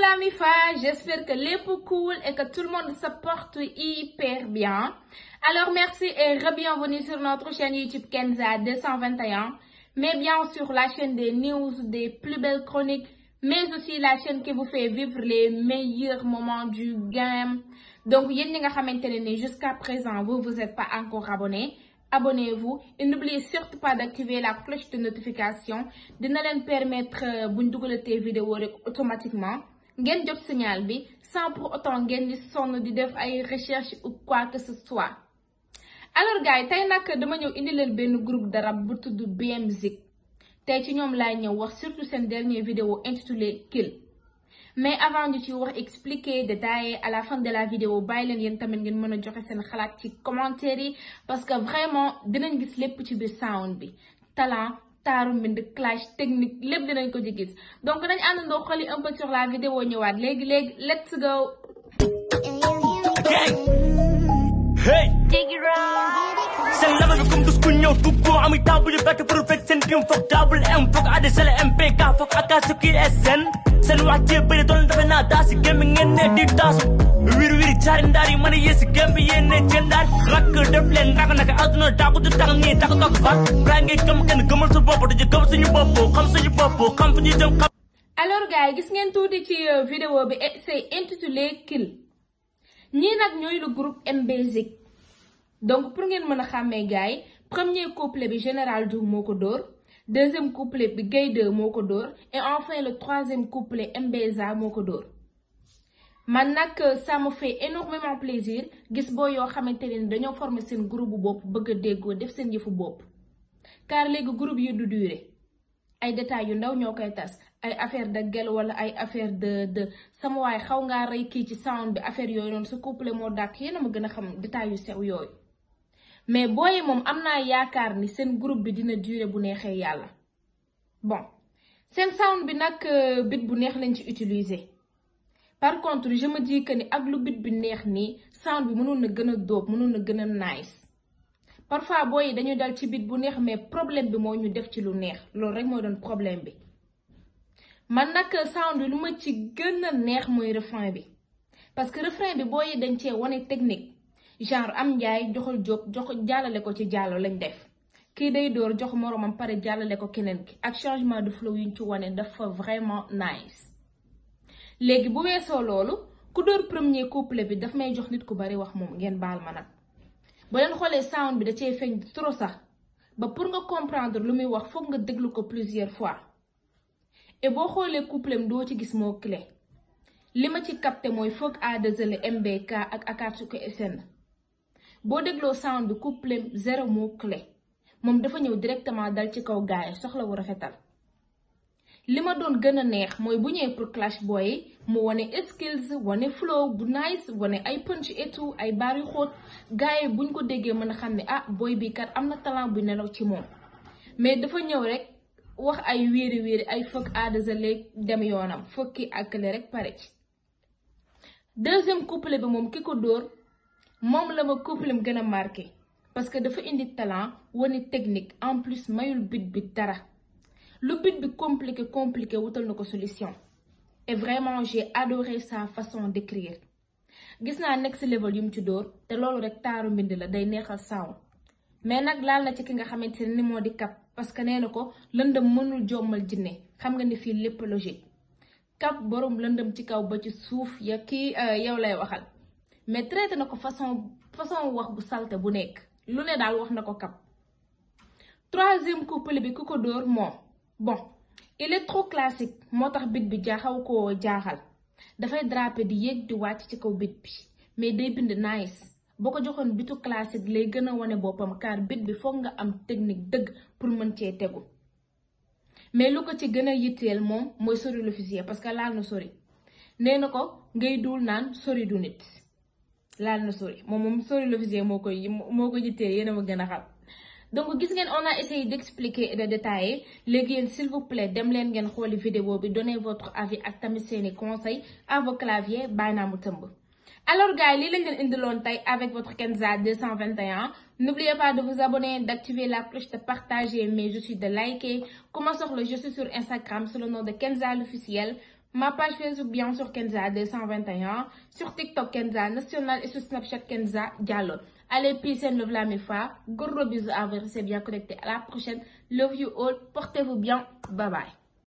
la j'espère que les cool et que tout le monde se porte hyper bien. Alors merci et bienvenue sur notre chaîne YouTube Kenza 221, mais bien sur la chaîne des news, des plus belles chroniques, mais aussi la chaîne qui vous fait vivre les meilleurs moments du game. Donc, jusqu'à présent, vous vous êtes pas encore abonné. abonnez-vous et n'oubliez surtout pas d'activer la cloche de notification pas ne permettre euh, de vous vidéo automatiquement ngeen jot signal bi sans pour ngeen di sonn di def ay recherche ou quoi que ce soit alors yi tey nag dama ñëw indi leen benn groupe de rap bu tudd BMZig tey ci ñoom laay ñëw wax surtout seen dernier vidéo intitulé Kill mais avant ñu ci wax expliquer détailler à la fin de la vidéo bàyyi leen yéen tamit ngeen mën a joxe seen xalaat ci commentaire yi parce que vraiment dinañ gis lépp ci biir sound bi talent taaru mbind clash technique lépp dinañ ko ci donc nañ àndandoo xoli un peu sur la vidéo ñëwaat léegi léegi let's go seen lama bi comme dus ku ñëw dugg moom amuy table yu bett pour fekk seen bium foog double M foog ADSL MPK foog AK Suki SN seen wax jee bëri doon defe naa daa si gémmi ngeen ne di taasu jaari ndaar yi mën a yées gém bi yéen ne ceen ndaar rakk def leen ndànk naka adduna daaku du tax nii tax toog ba balaa ngay gëm kenn gëmal sa bopp dañu gëm suñu bopp xam suñu bopp xam fu ñuy jëm xam alors gars gis ngeen tuuti ci vidéo bi c'est intitulé Kill ñii nag ñooy le groupe MBZIC donc pour ngeen mën a xàmmee gars yi premier couplet bi Général Diouf moo ko dóor deuxième couplet bi Gaye moo ko dóor et enfin le troisième couplet MBZA moo ko dóor man nag euh, ça me fait énormément plaisir gis boo yoo xamante ne dañoo former seen groupe bu bopp bëgg a déggoo def seen yëfu bopp car léegi groupe yi du durer ay détails yu ndaw ñoo koy tas ay affaire de gel wala ay affaire de de sama waaye xaw ngaa rey kii ci sound bi affaire yooyu noonu su couple moo dàkk yéen a ma gën a xam détails yu sew yooyu mais booy moom am naa yaakaar ni seen groupe bi dina durer bu neexee yàlla bon seen sound bi nag euh, bit bu neex lañ ci utiliser. par contre je me dis ni ak lu bit bi neex nii sound bi mënul na gën a dóob mënoon na gën a nice parfois booy dañuy dal ci bit bu neex mais problème bi moo ñu def ci lu neex loolu rek mooy doon problème bi man nag sound bi lu ma ci gën a neex mooy refrain bi parce que refrain bi booy dañ cee wane technique genre am njaay joxal jóg jox jàllale ko ci jàllo lañ def kii day dóor jox moroomam pare jàllale ko keneen ki ak changement de flow yu ñu ci wane dafa vraiment nice. léegi bu weesoo loolu ku dóor premier couplet bi dafa may jox nit ku bari wax moom ngeen baal ma nag ba leen xoolee sound bi da cee feeñ trop sax ba pour nga comprendre lu muy wax foog nga déglu ko plusieurs fois et boo xoolee couplet doo ci gis moo clé li ma ci capté mooy foog a 2 MBK ak Akatsuki SN boo dégloo sound bi couplet zéro moo clé moom dafa ñëw directement dal ci kaw gaay soxla wu rafetal. li ma doon gën a neex mooy bu ñëwee pour clash booy mu wane skills wane flow bu nice wane ay punch et tout ay baar yu xóot gars yi buñ ko déggee mën a xam ne ah booy bi kat am na talent bu nelaw ci moom mais dafa ñëw rek wax ay wéeri wéeri ay fëkk aadasale dem yoonam fëkki àkkale rek pare ci deuxième couplet bi moom ki ko dóor moom la ma couplet mu gën a marqué parce que dafa indi talent wane technique en plus mayul bit bit dara Le bi compliqué compliqué compliquer na ko solution et vraiment j'ai adoré sa façon d'écrire gis naa next level yum ci d'or, te loolu rek taru mbind la day neexal saw. mais nak lal na ci ki nga xamanteni ne ni moo di parce que nee na mënul jommal jinné. xam nga ni fi lépp logique Cap borom lëndëm ci kaw ba ci souf ya ki euh, yow lay waxal mais traité nako façon façon wax bu salte bu nekk Lune dal wax nako cap. troisième couple bi kuko dor dóor bon électroclassique moo tax bit bi jaaxaw koo jaaxal dafay drapé di yéeg di wàcc ci kaw bit bi mais day bind nice boo ko joxoon bitu classique lay gën a wone boppam car bit bi foog nga am technique dëgg pour mën cee tegu mais lu ko ci gën a yitteel moom mooy sori lu parce que laal na sori nee na ko ngay duul naan sori du nit laal na sori moom moom sori lu moo koy moo ko yitteel yéen a ma gën a xam donc gis ngeen on a essayé d'expliquer et de détailler les gars, s'il vous plaît dem vidéo bi donnez votre avis ak tamit seeni conseil à vos claviers bayna les alors gars li lii lañ longue avec votre Kenza 221 n'oubliez pas de vous abonner d'activer la cloche de partager mais je suis de liker comment le je suis sur Instagram sous le nom de Kenza l'officiel Ma page Facebook bien sur Kenza 221, sur TikTok Kenza National et sur Snapchat Kenza Diallo. Allez, puis c'est love la mes frères. Gros bisous à vous, restez bien connectés. À la prochaine. Love you all. Portez-vous bien. Bye bye.